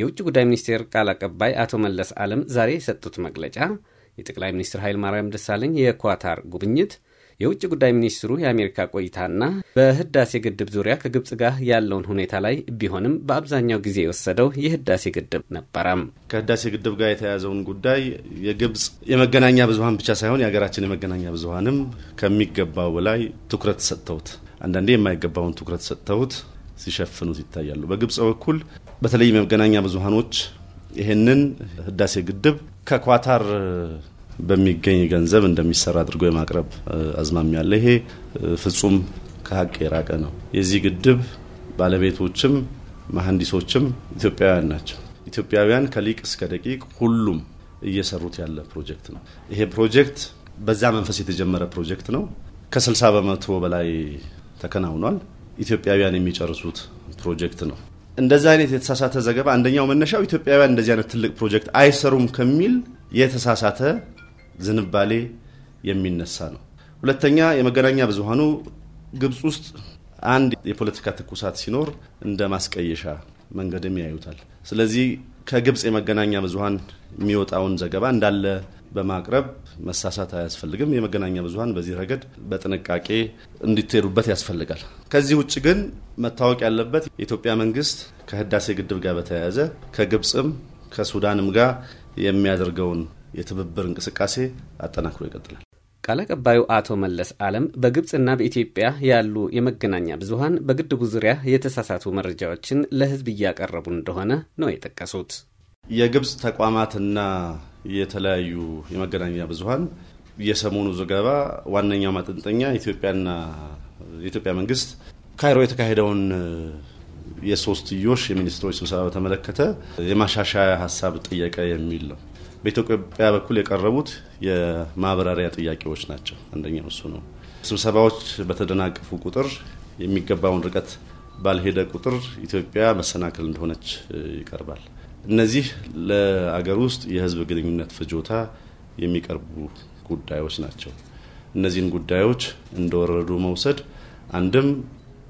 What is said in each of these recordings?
የውጭ ጉዳይ ሚኒስቴር ቃል አቀባይ አቶ መለስ አለም ዛሬ የሰጡት መግለጫ የጠቅላይ ሚኒስትር ኃይል ማርያም ደሳለኝ የኳታር ጉብኝት የውጭ ጉዳይ ሚኒስትሩ የአሜሪካ ቆይታና በህዳሴ ግድብ ዙሪያ ከግብጽ ጋር ያለውን ሁኔታ ላይ ቢሆንም በአብዛኛው ጊዜ የወሰደው የህዳሴ ግድብ ነበረም። ከህዳሴ ግድብ ጋር የተያያዘውን ጉዳይ የግብጽ የመገናኛ ብዙሀን ብቻ ሳይሆን የሀገራችን የመገናኛ ብዙሀንም ከሚገባው በላይ ትኩረት ሰጥተውት፣ አንዳንዴ የማይገባውን ትኩረት ሰጥተውት ሲሸፍኑት ይታያሉ። በግብጽ በኩል በተለይ የመገናኛ ብዙሀኖች ይህንን ህዳሴ ግድብ ከኳታር በሚገኝ ገንዘብ እንደሚሰራ አድርጎ የማቅረብ አዝማሚያ አለ። ይሄ ፍጹም ከሀቅ የራቀ ነው። የዚህ ግድብ ባለቤቶችም መሀንዲሶችም ኢትዮጵያውያን ናቸው። ኢትዮጵያውያን ከሊቅ እስከ ደቂቅ ሁሉም እየሰሩት ያለ ፕሮጀክት ነው። ይሄ ፕሮጀክት በዛ መንፈስ የተጀመረ ፕሮጀክት ነው። ከ60 በመቶ በላይ ተከናውኗል። ኢትዮጵያውያን የሚጨርሱት ፕሮጀክት ነው። እንደዚህ አይነት የተሳሳተ ዘገባ አንደኛው መነሻው ኢትዮጵያውያን እንደዚህ አይነት ትልቅ ፕሮጀክት አይሰሩም ከሚል የተሳሳተ ዝንባሌ የሚነሳ ነው። ሁለተኛ የመገናኛ ብዙሀኑ ግብጽ ውስጥ አንድ የፖለቲካ ትኩሳት ሲኖር እንደ ማስቀየሻ መንገድም ያዩታል። ስለዚህ ከግብፅ የመገናኛ ብዙሀን የሚወጣውን ዘገባ እንዳለ በማቅረብ መሳሳት አያስፈልግም። የመገናኛ ብዙሀን በዚህ ረገድ በጥንቃቄ እንዲትሄዱበት ያስፈልጋል። ከዚህ ውጭ ግን መታወቅ ያለበት የኢትዮጵያ መንግስት ከህዳሴ ግድብ ጋር በተያያዘ ከግብፅም ከሱዳንም ጋር የሚያደርገውን የትብብር እንቅስቃሴ አጠናክሮ ይቀጥላል። ቃል አቀባዩ አቶ መለስ አለም በግብፅና በኢትዮጵያ ያሉ የመገናኛ ብዙሀን በግድቡ ዙሪያ የተሳሳቱ መረጃዎችን ለህዝብ እያቀረቡ እንደሆነ ነው የጠቀሱት። የግብፅ ተቋማትና የተለያዩ የመገናኛ ብዙሀን የሰሞኑ ዘገባ ዋነኛው ማጠንጠኛ ኢትዮጵያና የኢትዮጵያ መንግስት ካይሮ የተካሄደውን የሶስትዮሽ የሚኒስትሮች ስብሰባ በተመለከተ የማሻሻያ ሀሳብ ጠየቀ የሚል ነው። በኢትዮጵያ በኩል የቀረቡት የማብራሪያ ጥያቄዎች ናቸው። አንደኛው እሱ ነው። ስብሰባዎች በተደናቀፉ ቁጥር የሚገባውን ርቀት ባልሄደ ቁጥር ኢትዮጵያ መሰናክል እንደሆነች ይቀርባል። እነዚህ ለአገር ውስጥ የሕዝብ ግንኙነት ፍጆታ የሚቀርቡ ጉዳዮች ናቸው። እነዚህን ጉዳዮች እንደወረዱ መውሰድ አንድም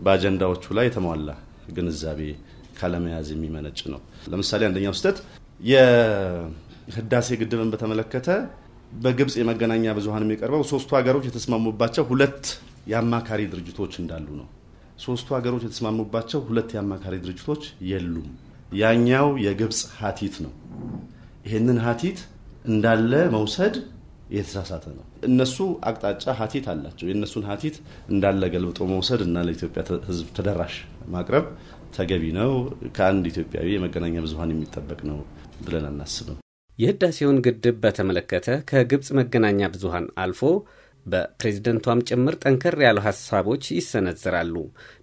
በአጀንዳዎቹ ላይ የተሟላ ግንዛቤ ካለመያዝ የሚመነጭ ነው። ለምሳሌ አንደኛው ስህተት ህዳሴ ግድብን በተመለከተ በግብጽ የመገናኛ ብዙሀን የሚቀርበው ሶስቱ ሀገሮች የተስማሙባቸው ሁለት የአማካሪ ድርጅቶች እንዳሉ ነው። ሶስቱ ሀገሮች የተስማሙባቸው ሁለት የአማካሪ ድርጅቶች የሉም። ያኛው የግብጽ ሀቲት ነው። ይህንን ሀቲት እንዳለ መውሰድ የተሳሳተ ነው። እነሱ አቅጣጫ ሀቲት አላቸው። የእነሱን ሀቲት እንዳለ ገልብጦ መውሰድ እና ለኢትዮጵያ ሕዝብ ተደራሽ ማቅረብ ተገቢ ነው። ከአንድ ኢትዮጵያዊ የመገናኛ ብዙሀን የሚጠበቅ ነው ብለን አናስብም። የህዳሴውን ግድብ በተመለከተ ከግብፅ መገናኛ ብዙሃን አልፎ በፕሬዝደንቷም ጭምር ጠንከር ያሉ ሀሳቦች ይሰነዝራሉ።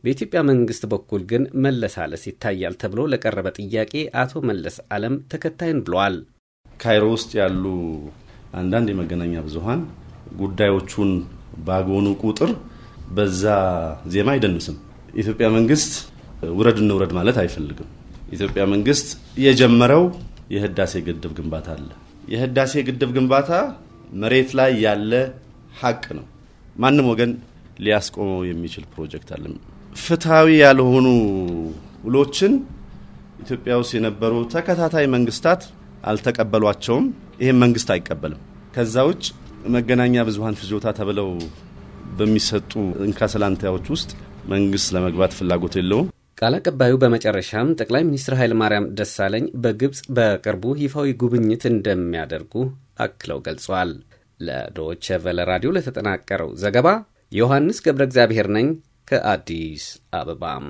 በኢትዮጵያ መንግስት በኩል ግን መለሳለስ ይታያል ተብሎ ለቀረበ ጥያቄ አቶ መለስ አለም ተከታይን ብለዋል። ካይሮ ውስጥ ያሉ አንዳንድ የመገናኛ ብዙሃን ጉዳዮቹን ባጎኑ ቁጥር በዛ ዜማ አይደንስም። ኢትዮጵያ መንግስት ውረድ እንውረድ ማለት አይፈልግም። ኢትዮጵያ መንግስት የጀመረው የህዳሴ ግድብ ግንባታ አለ። የህዳሴ ግድብ ግንባታ መሬት ላይ ያለ ሀቅ ነው። ማንም ወገን ሊያስቆመው የሚችል ፕሮጀክት አለ። ፍትሐዊ ያልሆኑ ውሎችን ኢትዮጵያ ውስጥ የነበሩ ተከታታይ መንግስታት አልተቀበሏቸውም። ይህም መንግስት አይቀበልም። ከዛ ውጭ መገናኛ ብዙሀን ፍጆታ ተብለው በሚሰጡ እንካሰላንታዎች ውስጥ መንግስት ለመግባት ፍላጎት የለውም። ቃል አቀባዩ በመጨረሻም ጠቅላይ ሚኒስትር ኃይለማርያም ደሳለኝ በግብፅ በቅርቡ ይፋዊ ጉብኝት እንደሚያደርጉ አክለው ገልጿል። ለዶይቸ ቨለ ራዲዮ ለተጠናቀረው ዘገባ ዮሐንስ ገብረ እግዚአብሔር ነኝ ከአዲስ አበባም